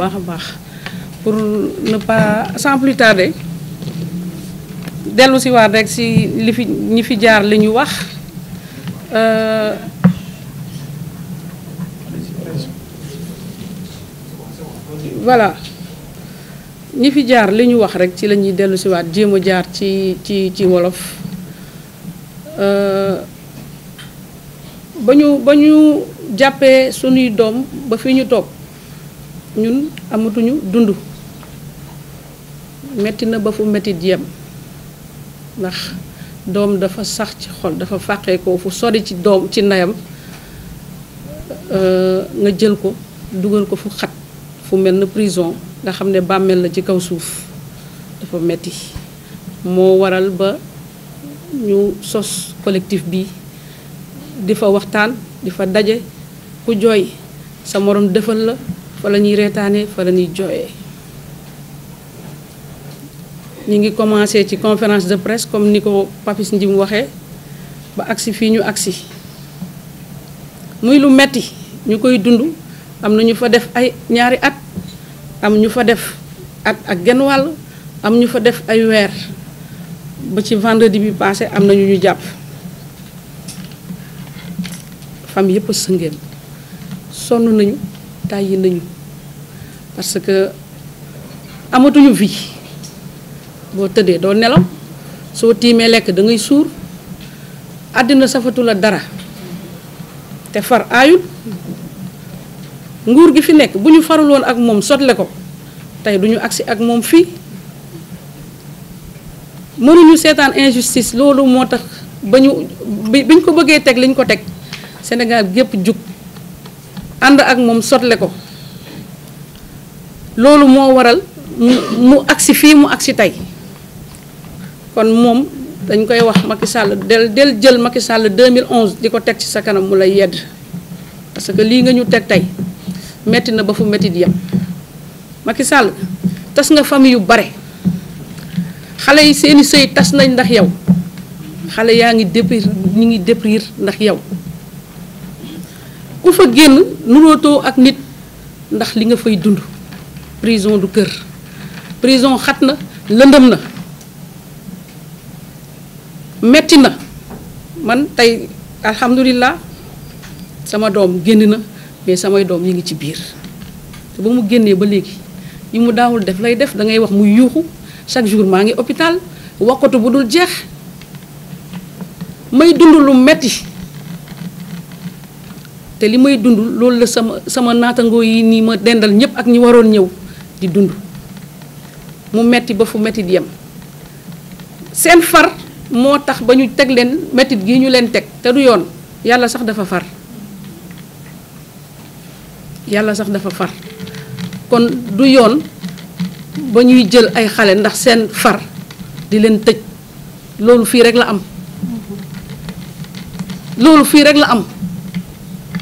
baax a baax pour ne pas sans plus tarder delu si waat rek ci li fi ñi fi jaar li ñu wax euh, voilà ñi fi jaar li ñu wax rek ci lañuy delu ci waat jaar ci ci ci wolof euh bañu bañu jappé jàppee dom ba fi ñu ñun amatuñu dund metti na ba fu metti yem ndax doom dafa sax ci xol dafa fàqee ko fu sori ci doom ci ndeyam euh, nga jël ko dugal ko fu xat fu mel na prison nga xam ne bàmmeel la ci kaw suuf dafa metti moo waral ba ñu sos collectif bi di fa waxtaan di fa daje ku jooy sa moroom defal la fa la ñuy reetaane fa la ñuy jooyee ñu ngi commencé ci conférence de presse comme ni ko Papis Ndim waxee ba aksi fii ñu agsi muy lu metti ñu koy dund am na ñu fa def ay ñaari at am ñu fa def at ak genn wàll am ñu fa def ay weer ba ci vendredi bi passé am na ñu ñu jàpp famille yëpp sëngéem nañu tayi nañu parce que amatuñu vie bo tëddee do nelaw so timé lek da ngay sour adina safatu la dara te far aayul nguur gi fi nek buñu farul won ak mom sotlé ko tay duñu aksi ak mom fi mënuñu seetaan injustice lolu motax bañu biñ ko bëggé tek liñ ko tek Sénégal gëpp juk ànd ak moom sotle ko loolu moo waral mu mu agsi fii mu agsi tey kon moom dañ koy wax Macky Sall del del jël Macky mille 2011 di ko teg ci sa kanam mu lay yedd parce que lii nga ñu teg tey metti na ba fu metti di yem Macky Sall tas nga famille yu bare xale yi seeni sëy tas nañ ndax yow xale yaa ngi déprir ñu ngi déprir ndax yow ku fa génn nuróotoo ak nit ndax li nga fay dund prison du kër prison xat na lëndëm na metti na man tey alhamdulillah sama doom génn na mais samay doom yi ngi ci biir te ba mu génnee ba léegi yi mu daawul def lay def da ngay wax mu yuuxu chaque jour maa ngi hôpital waxatu bu dul jeex may dund lu metti te li may dund loolu la sama sama naatangoo yi nii ma dendal ñëpp ak ñi waroon ñëw di dund mu metti ba fu metti yem seen far moo tax ba ñu teg leen mettit gi ñu leen teg te du yoon yàlla sax dafa far yàlla sax dafa far kon du yoon ba ñuy jël ay xale ndax seen far di leen tëj loolu fii rek la am loolu fii rek la am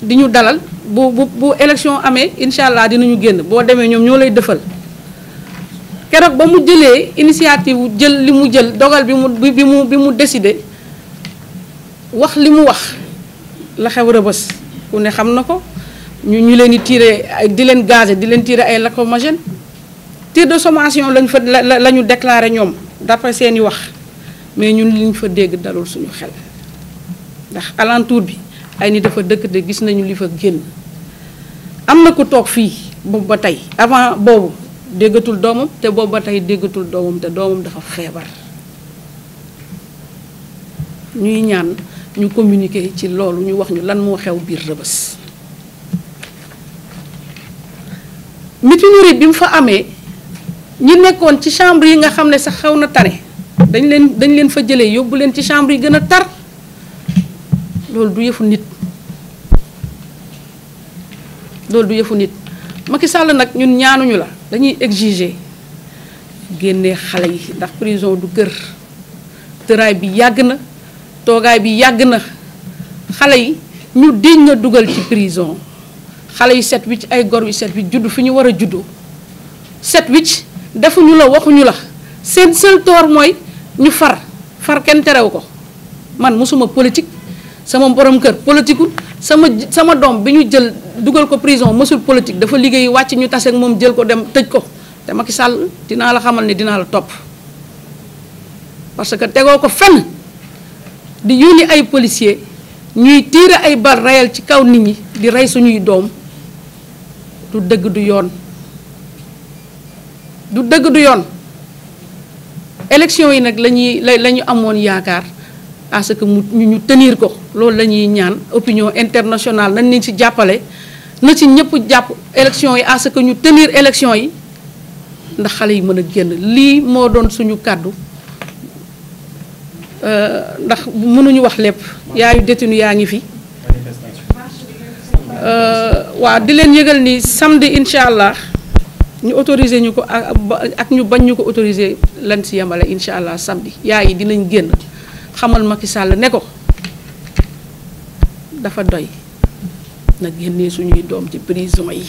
di ñu dalal bu bu bu élection amee incha allah dinañu génn boo demee ñoom ñoo lay defal keroog ba mu jëlee initiative jël li mu jël dogal bi mu bi mu bi mu décidé wax li mu wax la xew rëbës ku ne xam na ko ñu ñu leen di tiré di leen gazé di leen tiré ay lacrymogène tir de sommation lañ fa la la ñu déclaré ñoom d'après seeni wax mais ñun liñ fa dégg dalul suñu xel ndax alentour bi. ay ni dafa dëkk de gis nañu li fa génn am na ku toog fii boobu ba tey avant boobu déggatul doomam te boobu ba tey déggatul doomam te doomam dafa feebar ñuy ñaan ñu communiquer ci loolu ñu wax ñu lan moo xew biir rëbës mutinerie bi mu fa amee ñu nekkoon ci chambre yi nga xam ne sax xaw na tane dañ leen dañ leen fa jëlee yóbbu leen ci chambre yi gën a tar loolu du yëfu nit loolu du yëfu nit Macky Sall ñun ñaanuñu la dañuy exiger yi ndax prison du kër tëraay bi yàgg na toogaay bi na yi ñu diñ na dugal ci prison xale yi set wicc ay gor yu set wicc judd fi ñu war a set wicc defuñu la waxuñu la seen seul ñu far far kenn terew ko man politique sama borom keur politique sama sama dom biñu jël dugal ko prison mësul politique dafa liggéey wacc ñu tase ak mom jël ko dem tejj ko te Macky Sall dina la xamal ni dina la top parce que ko fenn di yuni ay policier ñuy tiire ay bal réel ci kaw nit ñi di ray suñuy dom du dëgg du yoon du dëgg du yoon élection yi nak lañuy lañu amone yaakar à que mu ñu tenir ko loolu la ñuy ñaan opinion internationale nañ ni ci jàppale na ci ñëpp jàpp élection yi à que ñu tenir élection yi ndax xale yi mën a génn lii moo doon suñu kàddu euh, ndax mënuñu wax lépp yaayu détenu yaa ngi fi euh, waaw di leen yëgal ni samedi incha allah ñu autorisé ñu ko ak ñu bañ ñu ko autorisé lan si yemale incha allah samedi yaay yi dinañ génn xamal Macky sàll ne ko dafa doy na génnee suñuy doom ci prison yi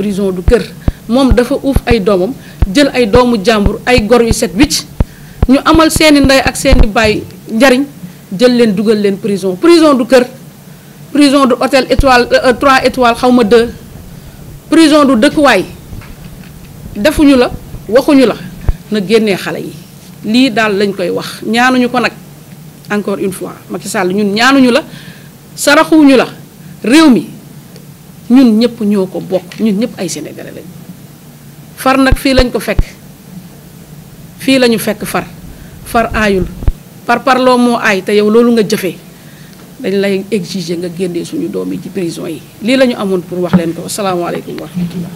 prison du kër moom dafa uuf ay doomam jël ay doomu jàmbur ay gor yu set wicc ñu amal seeni ndey ak seeni baay njariñ jël leen dugal leen prison prison du kër prison du hôtel étoile euh, euh, trois étoiles xawma ma deux prison du dëkkuwaay defuñu la waxuñu la na génne xale yi lii daal lañ koy wax ñaanuñu ko nag encore une fois Macky Sall ñun ñaanuñu la saraxuñu la réew mi ñun ñëpp ñoo ko bokk ñun ñëpp ay sénégalais lañu far nag fii lañ ko fekk fii lañu fekk far far aayul par parloo moo aay te yow loolu nga jëfee dañ lay exiger nga génnee suñu doom yi ci prison yi lii la ñu amoon pour wax leen ko asalaamaaleykum wa rahmatullah